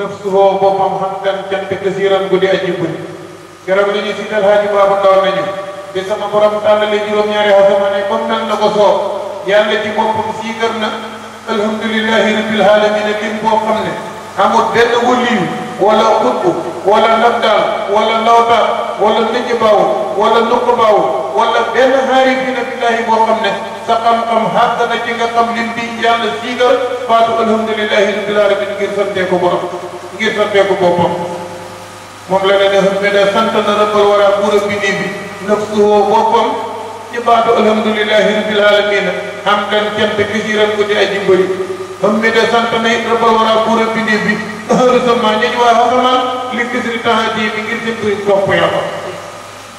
nafsuhu boppam xam tan cant kasiran guddi aji buri keroog la ñu si dal haaji baaba bi sama borom tàllalee juróom-ñaari asamaan yi comme nan la ko soob yàlla ci boppam sii gër na alhamdulilahi rabbil alamin lim boo xam ne amul benn waliyu wala xutbu wala labdaal wala lawta wala nëjbaawu wala nuqbaawu wala benn xaarifina billahi boo xam sa xam-xam xàgg na ci nga xam bi yàlla sii gër baatu alhamdulilahi rabbil alamin ngir santee ko borom ngir santee ko moom la leen xam ne sant na rabbal wara buur bi nii bi nafsu woo boppam ci baatu alhamdulilahi rabbil alamin hamdan cant kasiiran ko di aji mbëri xam ne de sant na it rabbal wara buur bi nii bi heureusement ñañ waa xasamaan li kisri taxa ji mi ngir sëppri topp yàlla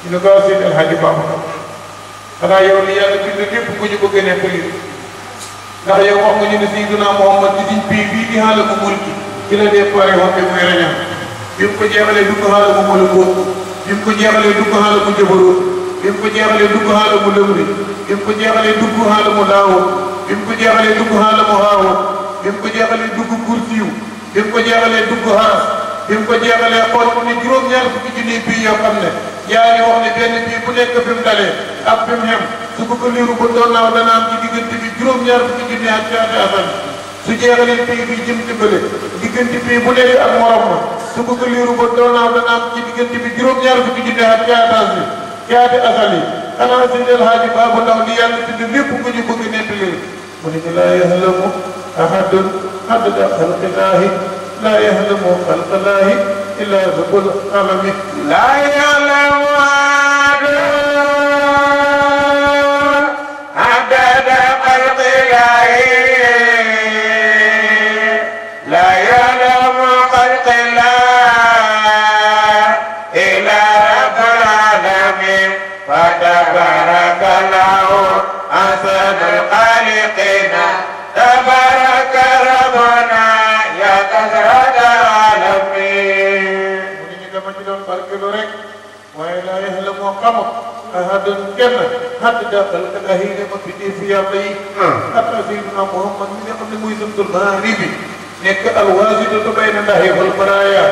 ñu ne ko Seydi El Hadji Baba xanaa yow li yàlla bind lépp ku ñu bëgg nekk ndax yow wax ñu ne Seydina Muhammad ci siñ bii bii di xaala bu mul ci bi ko jeexalee dugg xaala mu malakoot bi mu ko jeexalee dugg xaala mu jabaroot bi mu ko jeexalee dugg xaala mu lëwri bi mu ko jeexalee dugg xaala mu laawoo bi ko jeexalee dugg xaala mu xaawoo bi mu ko jeexalee dugg kurtiyu bi mu ko jeexalee dugg xaas bi ko jeexalee xool mu juróom-ñaar fukki junni xam ne yaa ngi wax ne benn bii bu nekk fi mu dalee ak fi mu xem su ko ko liiru ba doon naaw dana am ci bi juróom-ñaar fukki junni ak caati asan su jeexalee pays bi diggante pays bu nekk ak morom su bëgg liiru ba doonaa dana am ci diggante bi juróom-ñaar fukki junne ak caataas bi caati asal yi xanaa si del xaaji baabu ndax li yàlla bind lépp ku ñu bëgg nettali mu ne ñu laa yahlamu ahadun adada xalqillaahi laa yahlamu xalqillaahi illaa rabbul alamin ma ci doon barkelu rek waaye laa yahla moo xamut ahadun kenn hatta xalqa ahina ma bindee fi yàlla yi hatta sayyidina Muhammad mi nga xam ne muy sëmtul maari bi nekk alwaasitatu bayna llaahi wal baraaya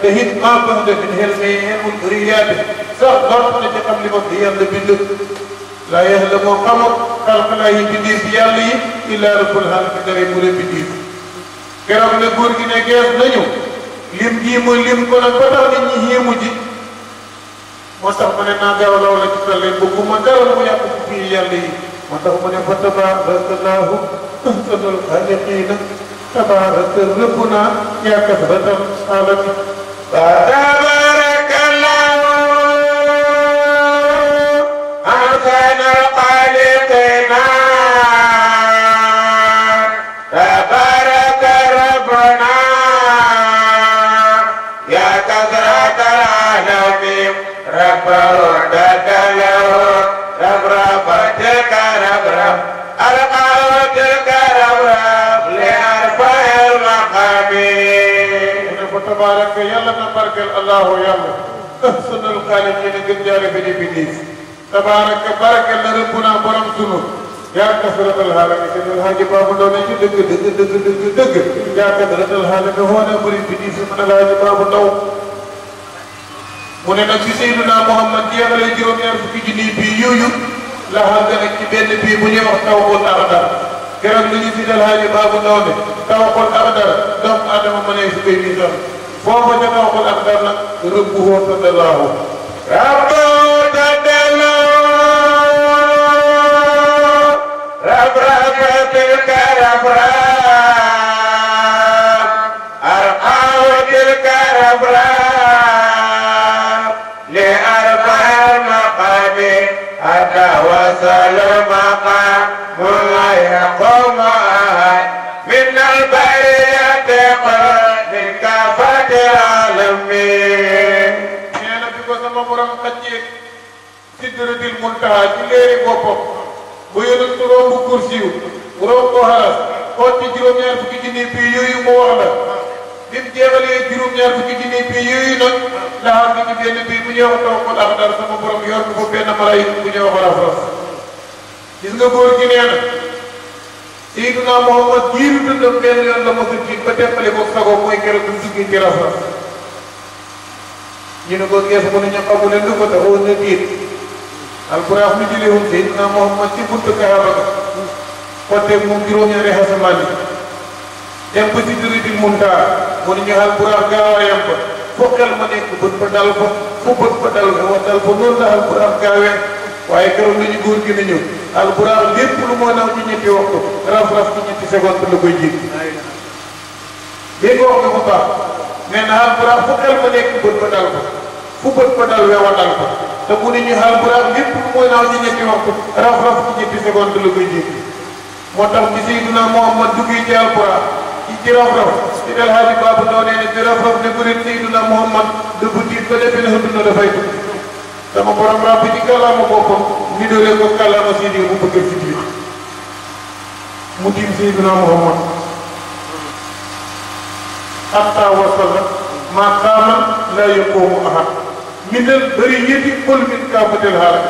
te it maa baax na fi xel ne xelul riyaati sax baax na ci xam li ma fi yàlla bind laa yahla moo xamut xalqa laahi bindee fi yàlla yi illaa rabbul alamin dara mu leen bindee keroog ne lim gi mo lim ko nak patal ni ñi himu ji mo sax mané na gaw law la ci tallé bu ko ma gaw mu yak ko fi yalla yi mo tax mo ne fataba rasulahu tadul khaliqina tabarak rabbuna ya kasbata salat ba tabarak yàlla na barkeel allahu yàlla ahsanul xaaliqiin gën jaare bi di bindiis tabarak barkeel na rabbuna borom sunu yaa kasratal xaalami seen alxaaji baabu doone ci dëgg dëgg dëgg dëgg dëgg yaa kasratal xaalami hoone murid bi di si mën alxaaji baabu ndaw mu ne nag si Seydina Muhammad jeexalee juróom-ñaar fukki junni bii yooyu la xam nga ci benn bii bu ñuy wax taw ko taxadar garab li ñu fi dal haaji baabu ndaw ne taw ko taxadar doomu aadama ma ne su koy nii doon foofa ko nag rëbbu وسلم قام غير قوم أحد من البرية قد كافة العالمين neena bi ko sama borom xëccee sidratil muntaha ci léeri boppam bu yonent rombu kursiw rombu xaras xool ci juróom-ñaar fukki junni bi yooyu mu bi mu jeexalee ñaar fukki junni bi yooyu nag la xam ci benn bi bu ñuy wax tawkul axdar sama borom yor ko benn malayika bu ñuy wax raf gis nga gi Muhammad jiiru dundam benn yoon la mosul jiit ba teppale ko sago mooy keroog bu duggee ci raf ñu ne ko gees mu ñu xamu leen lu ko taxoon na diit mi Muhammad ci buntu Kaaba ga xotteeg moom juróom-ñaari asamaan yi dem ba ci mënuñu xal buraax gaawaayam ba foo xel ma nekk gaawee waaye keroog ko na fu xel ma nekk bët ba dal fa fu bët ba dal weewa dal fa te ne ñu xal buraax lu moo naaw ci ñetti waxtu raf-raf ci ñetti seconde la koy jiit moo tax ci Seydina Muhammad duggee ci alquran ci raf raf ci del haaji baabu ndaw nee ne di Muhammad dëbb diit ba lépp ne xëdd na dafay sama borom rab bi ci kàllaama boppam ni doole ko kàllaama sii di mu bëggal ci diir mu tiim Seydina Muhammad hatta wasala ma qaama la yaqumu ahad minal bariyati kul min kaafatil halak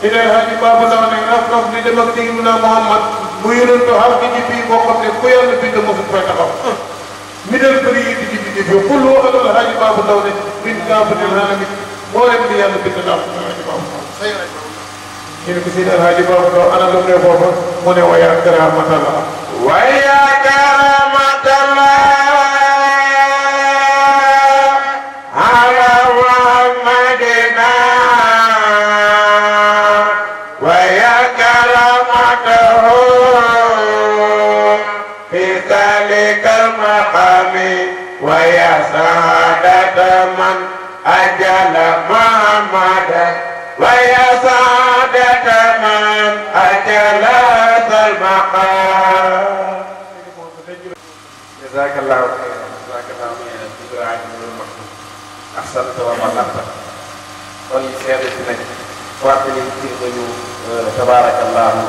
ci del haaji baabu ndaw ne raf raf ni dem ak Seydina Muhammad bu yeneen doo xam ne bii boo xam ne ku yàlla bind ma fi fay taxaw. minal bëri yi di ji bi jëf yow pour lu waxal la rajo min kaabu ne laa ngi moo leen di yàlla bind naa ko rajo baabu ndaw say rajo. ñu ne ko si rajo baabu ndaw ana lu ne foofa mu ne waaye ak garaamata la في ذلك المقام ويا سعادة من أجل محمدا ويا سعادة من أجل هذا المقام جزاك الله خيرا جزاك الله خيرا في دعاء المحمود أحسنت وبلغت قل سيادتنا وأعطني الدين تبارك الله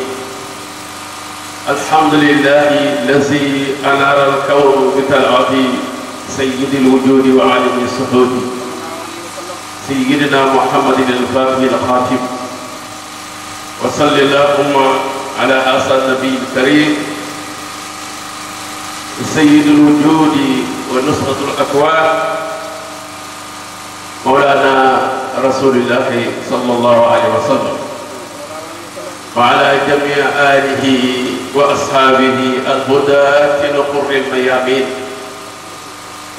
الحمد لله الذي أنار الكون بتلعبي سيد الوجود وعالم السدود سيدنا محمد الفاتح الخاتم وصل اللهم على آسى النبي الكريم سيد الوجود ونصرة الأكوان مولانا رسول الله صلى الله عليه وسلم وعلى جميع آله وأصحابه الهداة لقر الميامين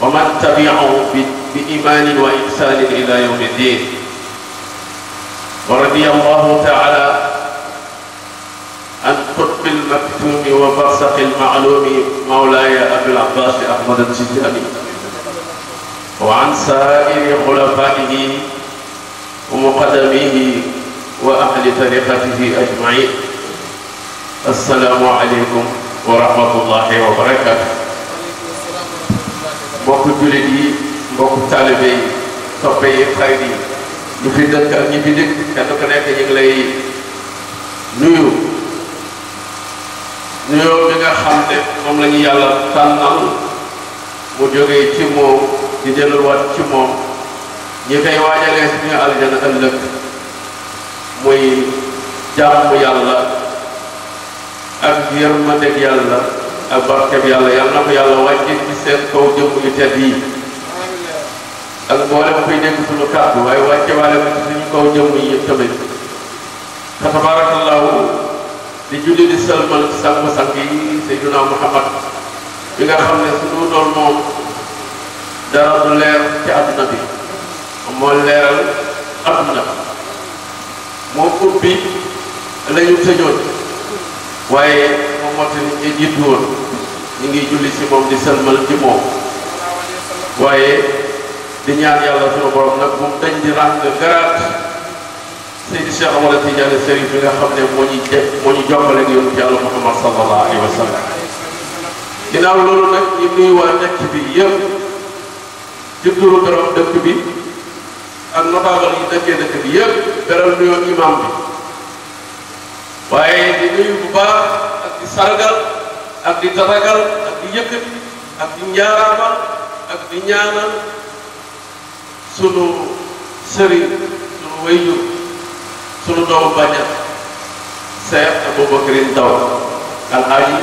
ومن تبعهم بإيمان وإحسان إلى يوم الدين ورضي الله تعالى عن قطب المكتوم وبرسخ المعلوم مولاي أبي العباس أحمد التجاني وعن سائر خلفائه ومقدميه وأهل طريقته أجمعين asalaamualeykum wa rahmatullahi wa barakaatu mbokku jullit yi mbokku taalibe yi toppe yi fi dëkk ak ñu fi nekk ñu ngi lay nuyu nuyoo nga xam ne moom la ñu yàlla tànnal mu jógee ci moom di delluwaat ci moom ñi koy waajalee suñu aljana ëllëg muy jàmm yàlla ak yërmandeeg yàlla ak barkeb yàlla yàlla na ko yàlla wàcce ci seen kaw jëmm yu tedd yi ak mboolem koy dégg suñu kàddu waaye wàcce waale ko ci suñu kaw jëmm yi yëpp tamit tabarakallahu di julli sëlmal sang-sang yi Seydina Muhammad bi nga xam ne suñu doon moom dara du leer ci àdduna bi moo leeral àdduna moo ubbi la ñu tëjoon waaye moom moo tax ñu jiitu ñu ngi julli si moom di sëlmal ci moom waaye di ñaan yàlla sunu borom nag moom dañ di ràng garaat Seydi Cheikh Ahmad Tidiane Sëriñ bi nga xam ne moo ñu je moo ñu jokkale ak yoonu yàlla waa nekk bi yëpp ci turu borom dëkk bi ak notable yi dëkkee dëkk bi yëpp beral nuyoo imam bi Baik di nuyu bu di sargal di tatagal di yëkkati di ñaaraama di ñaanal sunu sëriñ sunu wayjur sunu doomu bañat seex abubakarin daw alaaji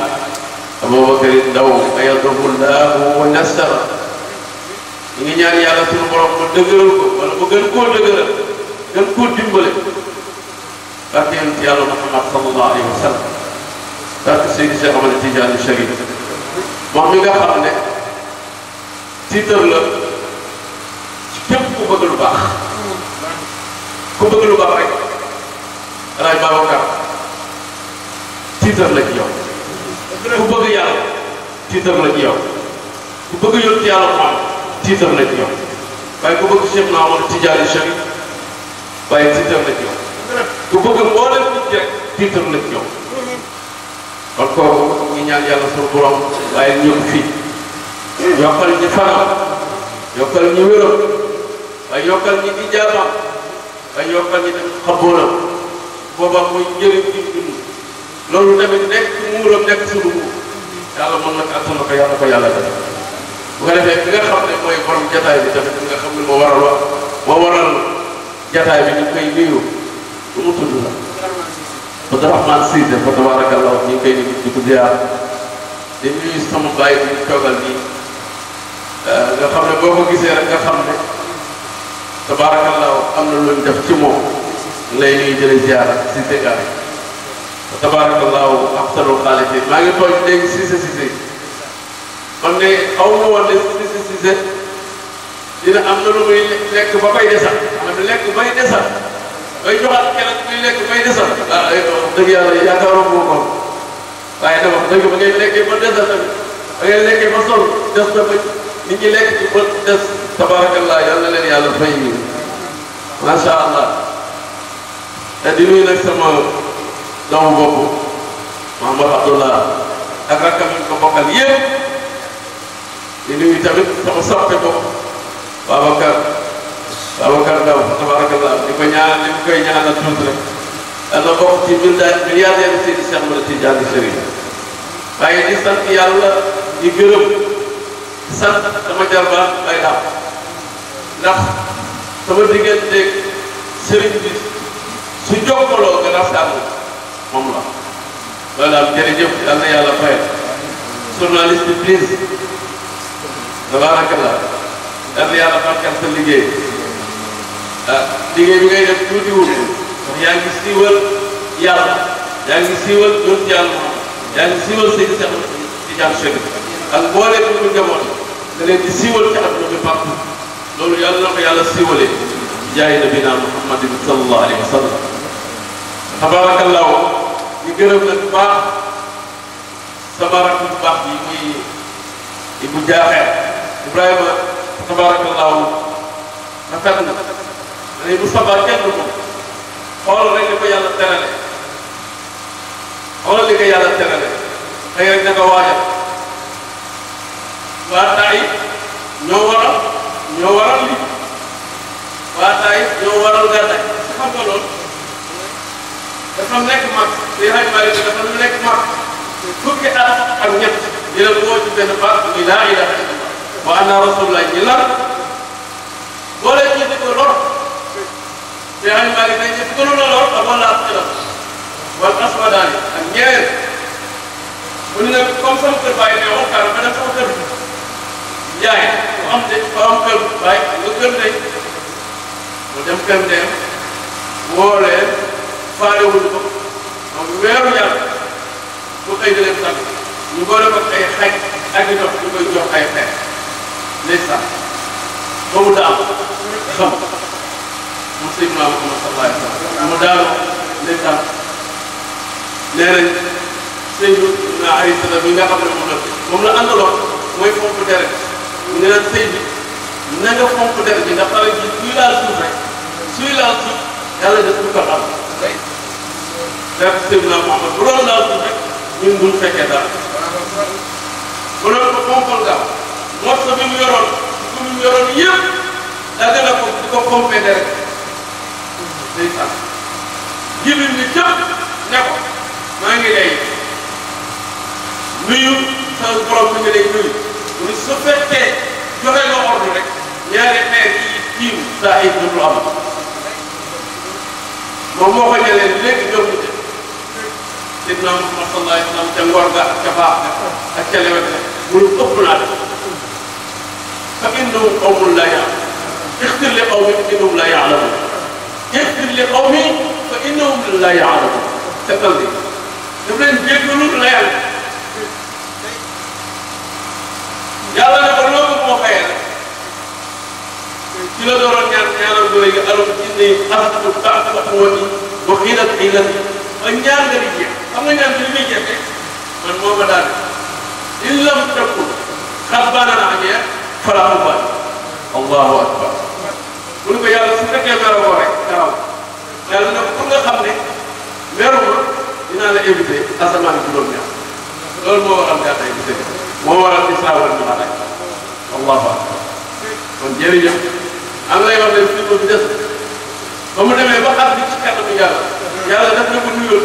abubakarin daw ayadahullahu wa nasara ñu ngi ñaan yàlla sunu barke yonent yàlla Muhammad sallallahu alayhi wa sallam barke Seydi Cheikh Ahmad Tidiane Chérif moom mi nga xam ne tiitar la ci képp ku bëgg lu baax ku bëgg lu baax rek rajo Babacar tiitar la ci yow ku bëgg yàlla tiitar la ci yow ku bëgg yonent yàlla Muhammad tiitar la ci yow waaye ku bëgg Cheikh Ahmad Tidiane Chérif waaye tiitar la ci yow ku bëgg mboolem nit jekk tiital na ci yow kon kooku ñu ñaan yàlla suñu borom waaye ñëpp fii yokkal ñu fanam yokkal ñu wéram waaye yokkal ñu ijaabam waaye yokkal ñu dem xaboonam boobaa mooy njëriñ bi dund loolu tamit nekk muuram nekk suñu muur yàlla mën na ko na ko yàlla ko yàlla def bu ko defee bi xam ne mooy borom jataay bi tamit bi nga xam ne moo waral wax moo waral jataay bi ñu koy nuyu bu mu tudd la Abdourahmane Cissé fa tabarakallah ñu ngi koy di ko ziar di nuyu sama bàyyi bi ñu toogal nii euh, nga xam ne boo ko gisee rek nga xam ne tabarakallah am na lu ñu def ci moom lay nuyu jële ziar si tegaar yi fa tabarakallah axsanul maa ngi tooñ léegi Cissé Cissé man ne xaw ma woon ne Cissé am na lu muy lekk ba bay desal am bay joxaat keneen kuy lekk bay desal ah ay wax dëgg yàlla yaakaaroon moo ko waaye nag wax dëgg ba ngay lekkee ba desal tamit ba ngay lekkee ba sol des na ba nit ñi lekk ci ba des tabarakallah yàlla leen yi macha allah te di nuyu nag sama doomu bopp Mahamad Abdullah ak rakkam ko bokkal yëpp di nuyu tamit Babacar Ndaw di ko di koy ñaanal tuut rek dana bokk ci milliard milliardaire Seydi Cheikh Mara Tidiane Sëriñ waaye di sant yàlla nah, di sama jarbaat bay daam ndax sama digganteeg sëriñ bi su jokkaloo gën ah liggéey bi ngay def tuutiwul ko ndax yaa ngi siiwal yàlla yaa ngi siiwal yoon yàlla yaa ngi siiwal seen sax ci jàmm chérif ak boole bi ñu demoon da leen di siiwal ci àdduna bi fàpp loolu yàlla na ko yàlla siiwalee jaay na bi naan muhammadin sallallahu alayhi wa sallam tabarakallahu ñu gërëm nag baax sama rakk bu baax bi muy Ibou Diakher Ibrahima tabarakallahu rafet na ne Moustapha kenn du moom xoolal rek li ko yàlla terale xoolal li ko yàlla terale tey rek na ko waajal waa Taif ñoo waral ñoo waral li waa Taif ñoo waral si xam nga loolu dafa nekk mag li xaj Malick dafa nekk mag fukki at ak ñett di leen woo ci benn baat ni laa ilaha illallah wa anna rasulullah ñi lan boo leen ñu di ko te xam nga dañ ne gënoon na lool ak wàllu at la wala aswadaani ak ñeer ne nag comme sama bàyyi ne woon kaar ma dem nga kër de mu dem kër de woo leen faale wuñu ko weeru yàlla bu xëy di leen sant ñu boole ko ay xaj ak i dox ñu koy jox ay xeex ndeysaan ba mu daal xam. moom Seydina Muhammad sallallahu alayhi wa sallam mu daal ndeysaan nee nañ Seydina Aliou Sall bi nga xam ne moom la moom la àndaloon mooy fomp deret ñu naan sëy bi na nga fomp deret bi ndax dara ji suy laal suuf rek suy laal suuf yàlla def lu ko xam def Seydina Muhammad bu mu yoroon bi mu yoroon yëpp day fal jibril ni tëb ne ko maa ngi lay nuyu sa borom bi nga lay nuyu mu ne su fekkee joxe nga ordre rek ñaari meer yi tiim saa ay dund am moom moo ko jëlee léegi jox mu jëm sidna Muhammad sallallahu alayhi wa sallam ca ngor ga ak ca baax ga ak ca lewet ga mu ne ëpp naa def fa innahum qawmun la ya'lamun ixtir li qawmin innahum la ya'lamun يكذب لقومه فإنهم لا يعلمون تقلد इब्राहिम बिल्कुल लायल لا ने बोलो को मोफेल مخير दोरो ñaan كان do yi arum jinni asbu ta'tu qawli wa qila qila ñaan nga di xam nga ñaan li muy jëfé man moma dal illam takku khabana na ñe fala Allah akbar bu ko garaw yàlla ne ko pour nga xam ne meruma dinaa la évité asamaan bi doon ñaar loolu moo waral gàttaay bi dëgg moo waral islam wal muharram allahu akbar kon jërëjëf am lay wax ne firnde bi des ba mu demee ba xam li ci kàttanu yàlla yàlla def na ko nuyoo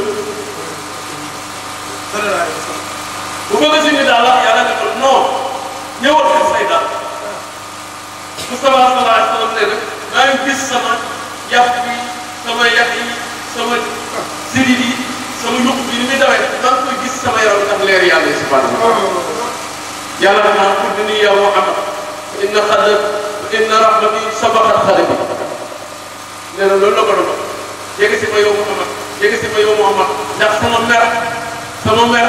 bu bëgg a signé daal yàlla ne ko non ñëwal ko say daal Mustafa sallallahu alayhi wa sallam ne nag maa ngi gis sama yàq bi sama yàq yi sama sëriñ yi sama ñuq bi ni muy dawee maa ngi koy gis sama yaram ndax leer yàlla subhanahu wa taala yàlla na maa ko dund yow Muhammad inna xadab inna rahmati sabaqat xadabi nee na loolu la ko doon jege si ma yow Muhammad jege si ma yow Muhammad ndax sama mer sama mer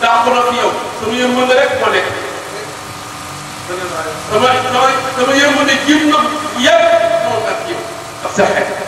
daa ko fi yow sama yërmande rek moo nekk sama sama sama yërmande jiw na yàgg moo tax jiw صحة